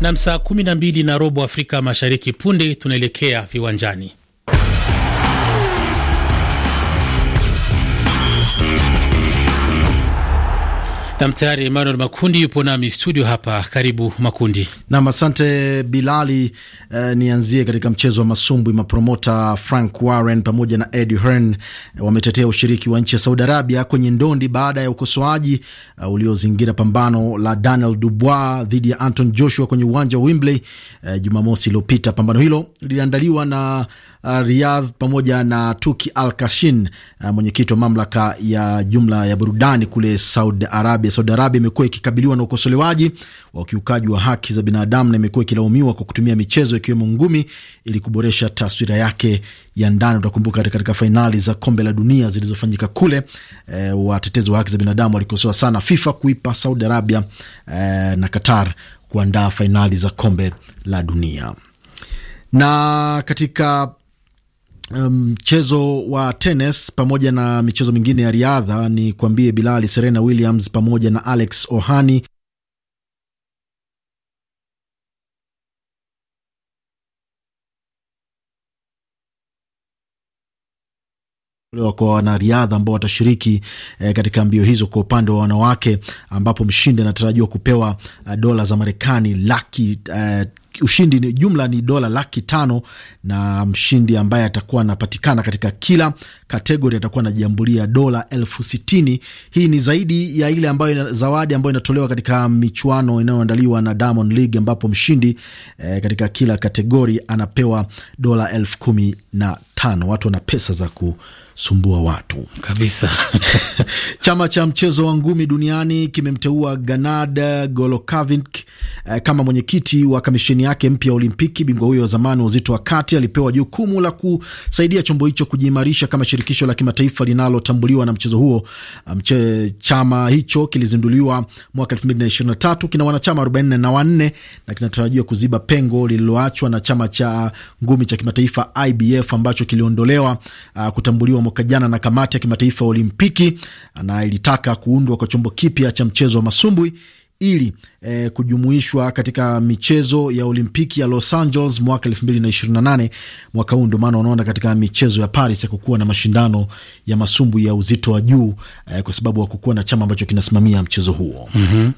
Nam, saa 12 na robo Afrika Mashariki. Punde tunaelekea viwanjani. Nam, tayari Emmanuel Makundi yupo nami studio hapa. Karibu Makundi. Nam, asante Bilali. Uh, nianzie katika mchezo wa masumbwi. Mapromota Frank Warren pamoja na Ed Hearn eh, wametetea ushiriki wa nchi ya Saudi Arabia kwenye ndondi baada ya ukosoaji uh, uliozingira pambano la Daniel Dubois dhidi ya Anton Joshua kwenye uwanja wa Wembley uh, Jumamosi iliyopita. Pambano hilo liliandaliwa na Uh, Riyadh pamoja na Tuki Al Kashin, uh, mwenyekiti wa mamlaka ya jumla ya burudani kule Saudi Arabia. Saudi Arabia imekuwa ikikabiliwa na ukosolewaji wa ukiukaji wa haki za binadamu na imekuwa ikilaumiwa kwa kutumia michezo ikiwemo ngumi ili kuboresha taswira yake ya ndani. Utakumbuka katika fainali za kombe la dunia zilizofanyika kule, e, watetezi wa haki za binadamu walikosoa sana FIFA kuipa Saudi Arabia e, na Qatar kuandaa fainali za kombe la dunia. Na katika Um, mchezo um, wa tenis pamoja na michezo mingine ya riadha, ni kuambie Bilali, Serena Williams pamoja na Alex Ohani kwa wanariadha ambao watashiriki eh, katika mbio hizo kwa upande wa wanawake, ambapo mshindi anatarajiwa kupewa uh, dola za Marekani laki uh, ushindi ni jumla ni dola laki tano na mshindi ambaye atakuwa anapatikana katika kila kategori atakuwa anajiambulia dola elfu sitini. Hii ni zaidi ya ile ambayo ina, zawadi ambayo inatolewa katika michuano inayoandaliwa na Diamond League ambapo mshindi eh, katika kila kategori anapewa dola elfu kumi na tano. Watu wana pesa za ku sumbua watu kabisa. Chama cha mchezo wa ngumi duniani kimemteua Ganad Golokavnik eh, kama mwenyekiti wa kamisheni yake mpya ya Olimpiki. Bingwa huyo wa zamani wa uzito wa kati alipewa jukumu la kusaidia chombo hicho kujiimarisha kama shirikisho la kimataifa linalotambuliwa na mchezo huo. Mche, chama hicho kilizinduliwa mwaka tatu kina wanachama wanne na kinatarajiwa kuziba pengo lililoachwa na chama cha ngumi cha kimataifa IBF ambacho kiliondolewa uh, kutambuliwa mwaka jana na kamati ya kimataifa ya Olimpiki na ilitaka kuundwa kwa chombo kipya cha mchezo wa masumbwi ili e, kujumuishwa katika michezo ya Olimpiki ya Los Angeles mwaka nane mwaka huu. Ndio maana unaona katika michezo ya Paris hakukuwa na mashindano ya masumbu ya uzito wa juu e, kwa sababu hakukuwa na chama ambacho kinasimamia mchezo huo. mm -hmm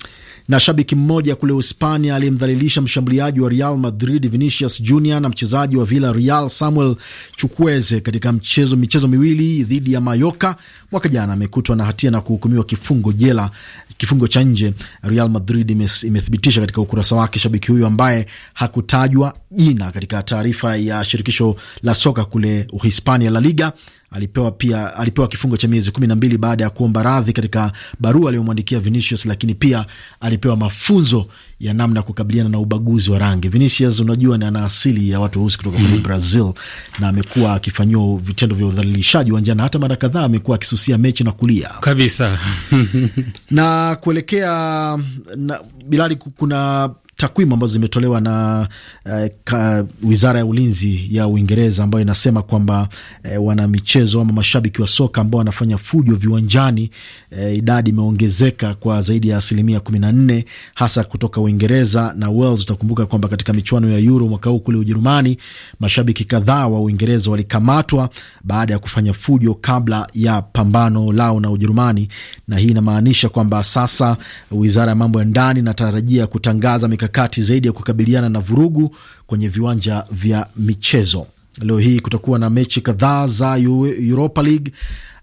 na shabiki mmoja kule Uhispania aliyemdhalilisha mshambuliaji wa Real Madrid Vinicius Junior na mchezaji wa Villa Real Samuel Chukwueze katika mchezo michezo miwili dhidi ya Mayoka mwaka jana amekutwa na hatia na kuhukumiwa kifungo jela, kifungo cha nje. Real Madrid imethibitisha katika ukurasa wake shabiki huyo ambaye hakutajwa jina katika taarifa ya shirikisho la soka kule Uhispania La Liga alipewa pia alipewa kifungo cha miezi kumi na mbili baada ya kuomba radhi katika barua aliyomwandikia Vinicius, lakini pia alipewa mafunzo ya namna ya kukabiliana na ubaguzi wa rangi. Vinicius, unajua ni ana asili ya watu weusi kutoka kule Brazil na amekuwa akifanyiwa vitendo vya udhalilishaji uwanjani. Hata mara kadhaa amekuwa akisusia mechi na kulia kabisa na kuelekea na, Bilali, kuna takwimu ambazo zimetolewa na eh, ka, wizara ya ulinzi ya Uingereza ambayo inasema kwamba eh, wana michezo ama mashabiki wa soka ambao wanafanya fujo viwanjani eh, idadi imeongezeka kwa zaidi ya asilimia kumi na nne hasa kutoka Uingereza na Wales. Utakumbuka kwamba katika michuano ya Euro mwaka huu kule Ujerumani, mashabiki kadhaa wa Uingereza walikamatwa baada ya kufanya fujo kabla ya pambano lao na Ujerumani, na hii inamaanisha kwamba sasa wizara ya mambo ya ndani inatarajia kutangaza mika mikakati zaidi ya kukabiliana na vurugu kwenye viwanja vya michezo. Leo hii kutakuwa na mechi kadhaa za Europa League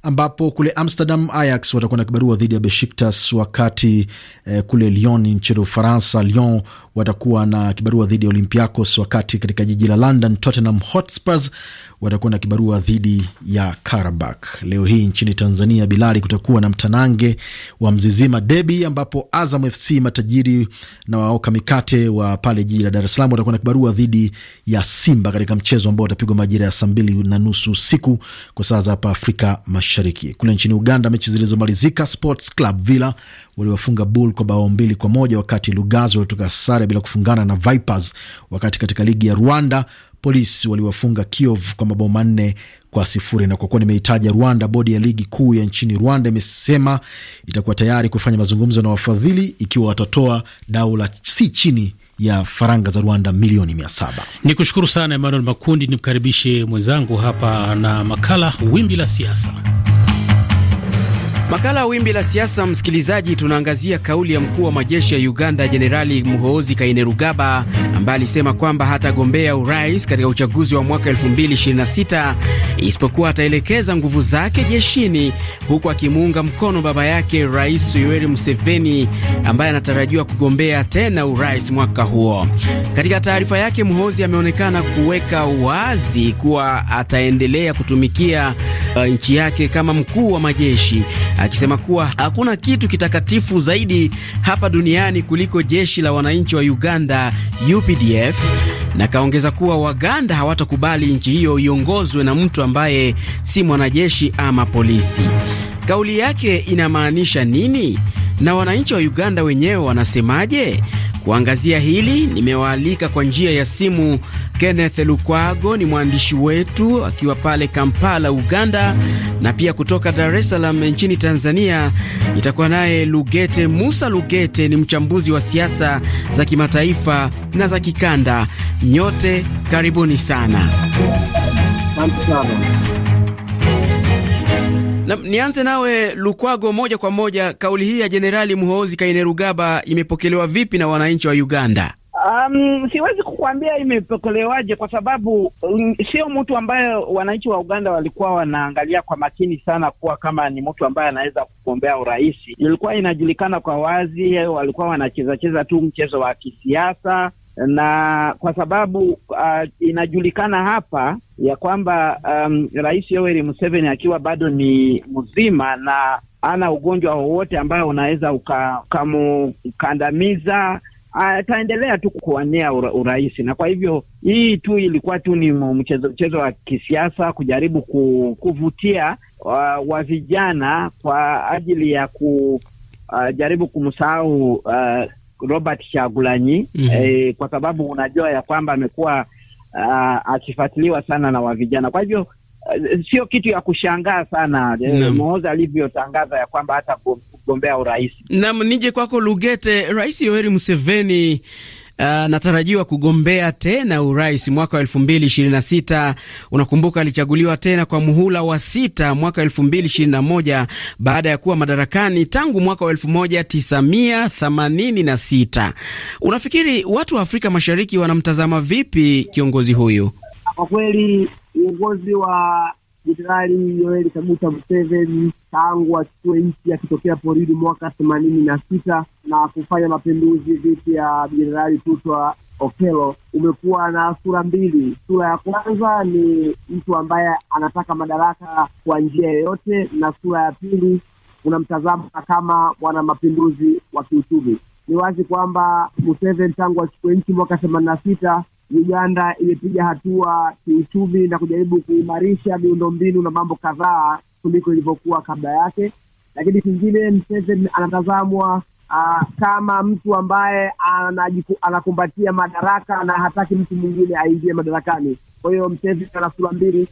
ambapo kule Amsterdam Ajax watakuwa na kibarua dhidi ya Beshiktas, wakati eh, kule Lyon nchini Ufaransa, Lyon watakuwa na kibarua dhidi ya Olympiacos, wakati katika jiji la London Tottenham Hotspurs watakuwa na kibarua dhidi ya Karabak. Leo hii nchini Tanzania, Bilali, kutakuwa na mtanange wa Mzizima Debi, ambapo Azam FC matajiri na waoka mikate wa pale jiji la Dar es Salaam watakuwa na kibarua dhidi ya Simba katika mchezo ambao watapigwa majira ya saa mbili na nusu usiku kwa saa za hapa Afrika Mashariki. Kule nchini Uganda, mechi zilizomalizika Sports Club Villa waliwafunga Bull kwa bao mbili kwa moja wakati Lugazi walitoka sare sare bila kufungana na Vipers, wakati katika ligi ya Rwanda polisi waliwafunga Kiev kwa mabao manne kwa sifuri. Na kwa kuwa nimeitaja Rwanda, bodi ya ligi kuu ya nchini Rwanda imesema itakuwa tayari kufanya mazungumzo na wafadhili ikiwa watatoa dau la si chini ya faranga za Rwanda milioni mia saba. Ni kushukuru sana Emmanuel Makundi, nimkaribishe mwenzangu hapa na makala Wimbi la Siasa. Makala ya wimbi la siasa, msikilizaji, tunaangazia kauli ya mkuu wa majeshi ya Uganda Jenerali Muhoozi Kainerugaba ambaye alisema kwamba hatagombea urais katika uchaguzi wa mwaka 2026 isipokuwa ataelekeza nguvu zake jeshini, huku akimuunga mkono baba yake Rais Yoweri Museveni ambaye anatarajiwa kugombea tena urais mwaka huo. Katika taarifa yake, Muhoozi ameonekana kuweka wazi kuwa ataendelea kutumikia uh, nchi yake kama mkuu wa majeshi akisema kuwa hakuna kitu kitakatifu zaidi hapa duniani kuliko jeshi la wananchi wa Uganda UPDF, na kaongeza kuwa Waganda hawatakubali nchi hiyo iongozwe na mtu ambaye si mwanajeshi ama polisi. Kauli yake inamaanisha nini na wananchi wa Uganda wenyewe wanasemaje? Kuangazia hili nimewaalika kwa njia ya simu Kenneth Lukwago, ni mwandishi wetu akiwa pale Kampala, Uganda, na pia kutoka Dar es Salaam nchini Tanzania nitakuwa naye Lugete Musa. Lugete ni mchambuzi wa siasa za kimataifa na za kikanda. Nyote karibuni sana. Na, nianze nawe Lukwago, moja kwa moja, kauli hii ya Jenerali Muhoozi Kainerugaba imepokelewa vipi na wananchi wa Uganda? Um, siwezi kukuambia imepokelewaje kwa sababu um, sio mtu ambaye wananchi wa Uganda walikuwa wanaangalia kwa makini sana kuwa kama ni mtu ambaye anaweza kugombea urais. Ilikuwa inajulikana kwa wazi, walikuwa wanachezacheza tu mchezo wa kisiasa na kwa sababu uh, inajulikana hapa ya kwamba um, Rais Yoweri Museveni akiwa bado ni mzima na ana ugonjwa wowote ambao unaweza ukamkandamiza ah, ataendelea tu kuwania ura, na kwa hivyo hii tu ilikuwa tu ni mchezo mchezo wa kisiasa kujaribu ku, kuvutia wa, uh, wa vijana kwa ajili ya kujaribu uh, kumsahau uh, Robert Chagulanyi mm -hmm. E, eh, kwa sababu unajua ya kwamba amekuwa uh, akifuatiliwa sana na wavijana. Kwa hivyo uh, sio kitu ya kushangaa sana uh, Mooza alivyotangaza ya kwamba hata kugombea urais. Naam, nije kwako Lugete. Rais Yoweri Museveni uh, natarajiwa kugombea tena urais mwaka wa elfu mbili ishirini na sita. Unakumbuka alichaguliwa tena kwa muhula wa sita mwaka wa elfu mbili ishirini na moja baada ya kuwa madarakani tangu mwaka wa elfu moja tisa mia themanini na sita. Unafikiri watu wa Afrika Mashariki wanamtazama vipi kiongozi huyu? Kwa kweli uongozi wa Jenerali Yoeli Kaguta Museveni tangu achukue nchi akitokea porini mwaka themanini na sita na kufanya mapinduzi dhidi ya Jenerali Tutwa Okelo umekuwa na sura mbili. Sura ya kwanza ni mtu ambaye anataka madaraka kwa njia yoyote, na sura ya pili unamtazama kama mwana mapinduzi wa kiuchumi. Ni wazi kwamba Museveni tangu achukue nchi mwaka themanini na sita Uganda imepiga hatua kiuchumi na kujaribu kuimarisha miundombinu na mambo kadhaa kuliko ilivyokuwa kabla yake. Lakini kingine, Museveni anatazamwa uh, kama mtu ambaye anajiku, anakumbatia madaraka na hataki mtu mwingine aingie madarakani. Kwa hiyo Museveni ana sura mbili,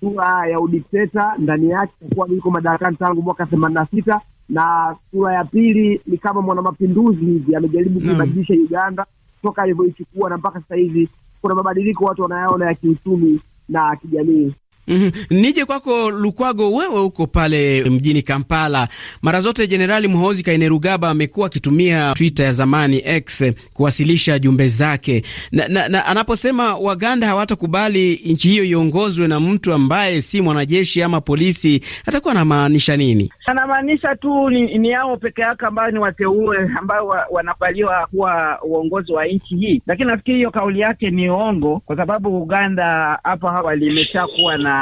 sura ya udikteta ndani yake kuwa yuko madarakani tangu mwaka themanini na sita na sura ya pili ni kama mwanamapinduzi hivi amejaribu kuibadilisha Uganda toka alivyoichukua na mpaka sasa hivi kuna mabadiliko watu wanayaona ya kiuchumi na kijamii. Mm -hmm. Nije kwako Lukwago, wewe huko pale mjini Kampala. Mara zote Jenerali Muhozi Kainerugaba amekuwa akitumia Twitter ya zamani X kuwasilisha jumbe zake na, na, na anaposema Waganda hawatakubali nchi hiyo iongozwe na mtu ambaye si mwanajeshi ama polisi, atakuwa anamaanisha nini? Anamaanisha tu ni, ni yao peke yake ambayo ni wateue ambayo wa, wanakubaliwa kuwa uongozi wa nchi hii, lakini nafikiri hiyo kauli yake ni ongo, kwa sababu Uganda hapo limesha kuwa na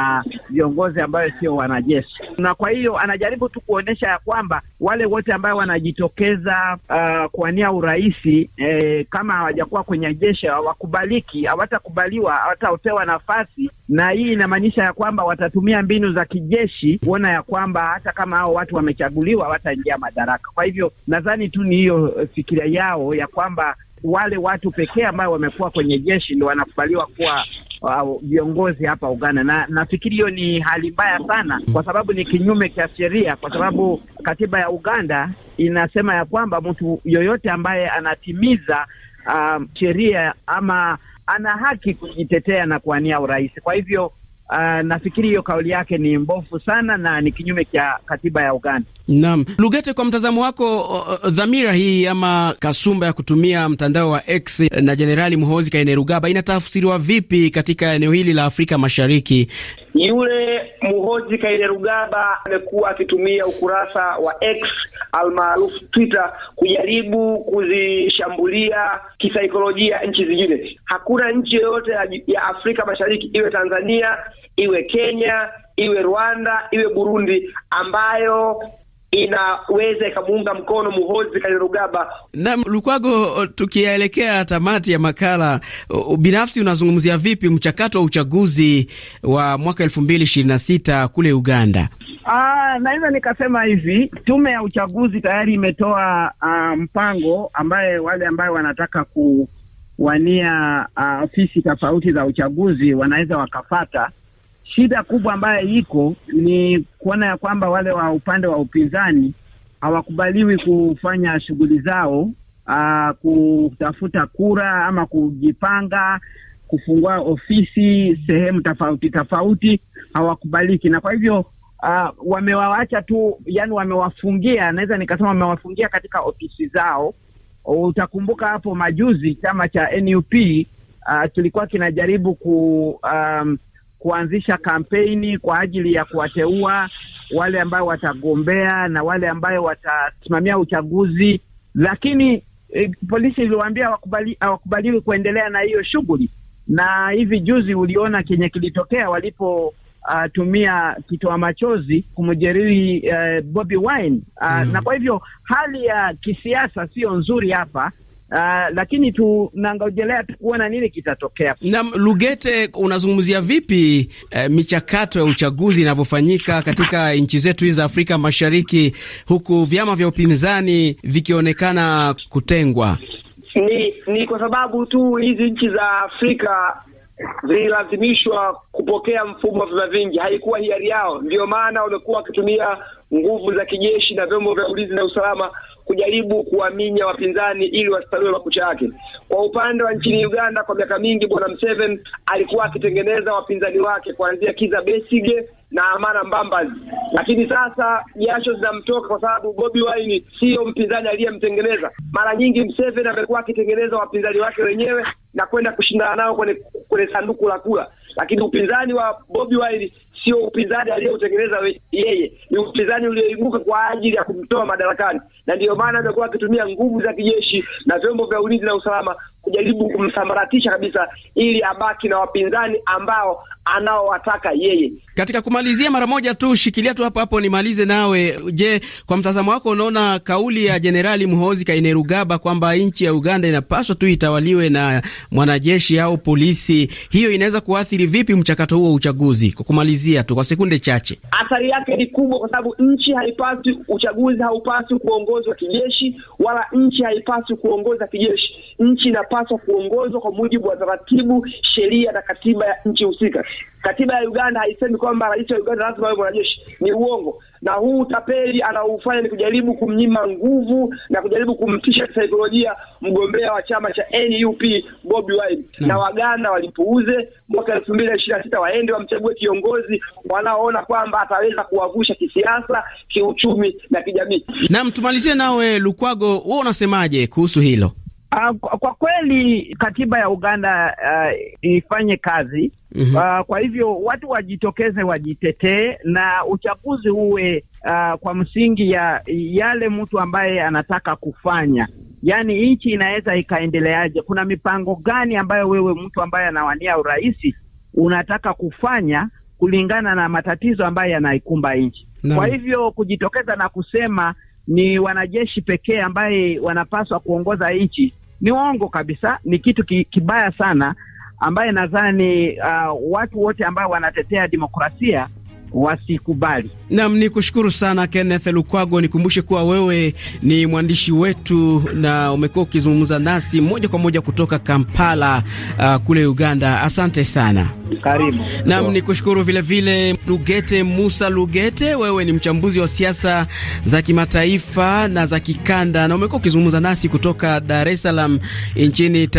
viongozi ambayo sio wanajeshi, na kwa hiyo anajaribu tu kuonyesha ya kwamba wale wote ambayo wanajitokeza uh, kuwania urais eh, kama hawajakuwa kwenye jeshi hawakubaliki, hawatakubaliwa, hawatapewa nafasi, na hii inamaanisha ya kwamba watatumia mbinu za kijeshi kuona ya kwamba hata kama hao watu wamechaguliwa hawataingia madaraka. Kwa hivyo nadhani tu ni hiyo eh, fikira yao ya kwamba wale watu pekee ambao wamekuwa kwenye jeshi ndo wanakubaliwa kuwa uh, viongozi uh, hapa Uganda, na nafikiri hiyo ni hali mbaya sana, kwa sababu ni kinyume cha sheria, kwa sababu katiba ya Uganda inasema ya kwamba mtu yoyote ambaye anatimiza um, sheria ama ana haki kujitetea na kuania urais. Kwa hivyo uh, nafikiri hiyo kauli yake ni mbovu sana na ni kinyume cha katiba ya Uganda. Naam, Lugete, kwa mtazamo wako dhamira hii ama kasumba ya kutumia mtandao wa X na Jenerali muhozi Kainerugaba inatafsiriwa vipi katika eneo hili la Afrika Mashariki? Yule muhozi Kainerugaba amekuwa akitumia ukurasa wa X almaarufu Twitter kujaribu kuzishambulia kisaikolojia nchi zingine. Hakuna nchi yoyote ya Afrika Mashariki, iwe Tanzania, iwe Kenya, iwe Rwanda, iwe Burundi ambayo inaweza ikamuunga mkono Muhozi Kainerugaba. Na Lukwago, tukielekea tamati ya makala, binafsi unazungumzia vipi mchakato wa uchaguzi wa mwaka elfu mbili ishirini na sita kule Uganda? Ah, naweza nikasema hivi, tume ya uchaguzi tayari imetoa uh, mpango ambaye wale ambayo wanataka kuwania uh, ofisi tofauti za uchaguzi wanaweza wakafata Shida kubwa ambayo iko ni kuona ya kwamba wale wa upande wa upinzani hawakubaliwi kufanya shughuli zao, aa, ah, kutafuta kura ama kujipanga kufungua ofisi sehemu tofauti tofauti, hawakubaliki na kwa hivyo Uh, wamewawacha tu, yani wamewafungia, naweza nikasema wamewafungia katika ofisi zao. Utakumbuka hapo majuzi chama cha NUP tulikuwa ah, kinajaribu ku um, kuanzisha kampeni kwa ajili ya kuwateua wale ambao watagombea na wale ambayo watasimamia uchaguzi, lakini e, polisi iliwaambia hawakubaliwi kuendelea na hiyo shughuli. Na hivi juzi uliona kenye kilitokea walipo Uh, tumia kitoa machozi kumjeruhi uh, Bobi Wine uh, mm. Na kwa hivyo hali ya kisiasa siyo nzuri hapa, Uh, lakini tunangojelea tu kuona nini kitatokea. Na Lugete, unazungumzia vipi eh, michakato ya uchaguzi inavyofanyika katika nchi zetu hizi za Afrika Mashariki huku vyama vya upinzani vikionekana kutengwa? Ni, ni kwa sababu tu hizi nchi za Afrika zililazimishwa kupokea mfumo wa vyama vingi, haikuwa hiari yao. Ndio maana wamekuwa wakitumia nguvu za kijeshi na vyombo vya ulinzi na usalama kujaribu kuwaminya wapinzani ili wasitalue makucha yake. Kwa upande wa nchini Uganda, kwa miaka mingi bwana Mseven alikuwa akitengeneza wapinzani wake kuanzia Kiza Besige na Amara Mbambazi, lakini sasa jasho zinamtoka kwa sababu Bobi Wine siyo mpinzani aliyemtengeneza. Mara nyingi Mseven amekuwa akitengeneza wapinzani wake wenyewe na kwenda kushindana nao kwenye kwenye sanduku la kura, lakini upinzani wa Bobi Wine sio upinzani aliyoutengeneza yeye, ni upinzani ulioibuka kwa ajili ya kumtoa madarakani, na ndiyo maana amekuwa akitumia nguvu za kijeshi na vyombo vya ulinzi na usalama kujaribu kumsambaratisha kabisa, ili abaki na wapinzani ambao anaowataka yeye. Katika kumalizia mara moja tu, shikilia tu hapo hapo nimalize nawe. Je, kwa mtazamo wako unaona kauli ya Jenerali Muhozi Kainerugaba kwamba nchi ya Uganda inapaswa tu itawaliwe na mwanajeshi au polisi, hiyo inaweza kuathiri vipi mchakato huo wa uchaguzi? Kwa kumalizia tu kwa sekunde chache, athari yake ni kubwa, kwa sababu nchi haipaswi, uchaguzi haupaswi kuongozwa kijeshi, wala nchi haipaswi kuongoza kijeshi. Nchi inapaswa inapaswa kuongozwa kwa mujibu wa taratibu, sheria na katiba ya nchi husika. Katiba ya Uganda haisemi kwamba rais wa Uganda lazima awe mwanajeshi, ni uongo. Na huu tapeli anaoufanya ni kujaribu kumnyima nguvu na kujaribu kumtisha saikolojia mgombea wa chama cha NUP Bobi Wine na, na Waganda walipuuze mwaka elfu mbili na ishirini na sita waende wamchague kiongozi wanaoona kwamba ataweza kuwavusha kisiasa, kiuchumi na kijamii. Naam, tumalizie nawe Lukwago, wewe unasemaje kuhusu hilo? Ah, kwa kweli katiba ya Uganda uh, ifanye kazi mm -hmm. uh, kwa hivyo watu wajitokeze, wajitetee na uchaguzi uwe uh, kwa msingi ya yale mtu ambaye anataka kufanya, yaani nchi inaweza ikaendeleaje? Kuna mipango gani ambayo wewe mtu ambaye anawania urahisi unataka kufanya kulingana na matatizo ambayo yanaikumba nchi no. Kwa hivyo kujitokeza na kusema ni wanajeshi pekee ambaye wanapaswa kuongoza nchi ni uongo kabisa, ni kitu ki, kibaya sana ambaye nadhani uh, watu wote ambao wanatetea demokrasia wasikubali. Nam ni kushukuru sana Kenneth Lukwago. Nikumbushe kuwa wewe ni mwandishi wetu na umekuwa ukizungumza nasi moja kwa moja kutoka Kampala, uh, kule Uganda. Asante sana, karibu. Nam ni kushukuru vilevile Lugete Musa Lugete, wewe ni mchambuzi wa siasa za kimataifa na za kikanda na umekuwa ukizungumza nasi kutoka Dar es Salaam nchini Tanzania.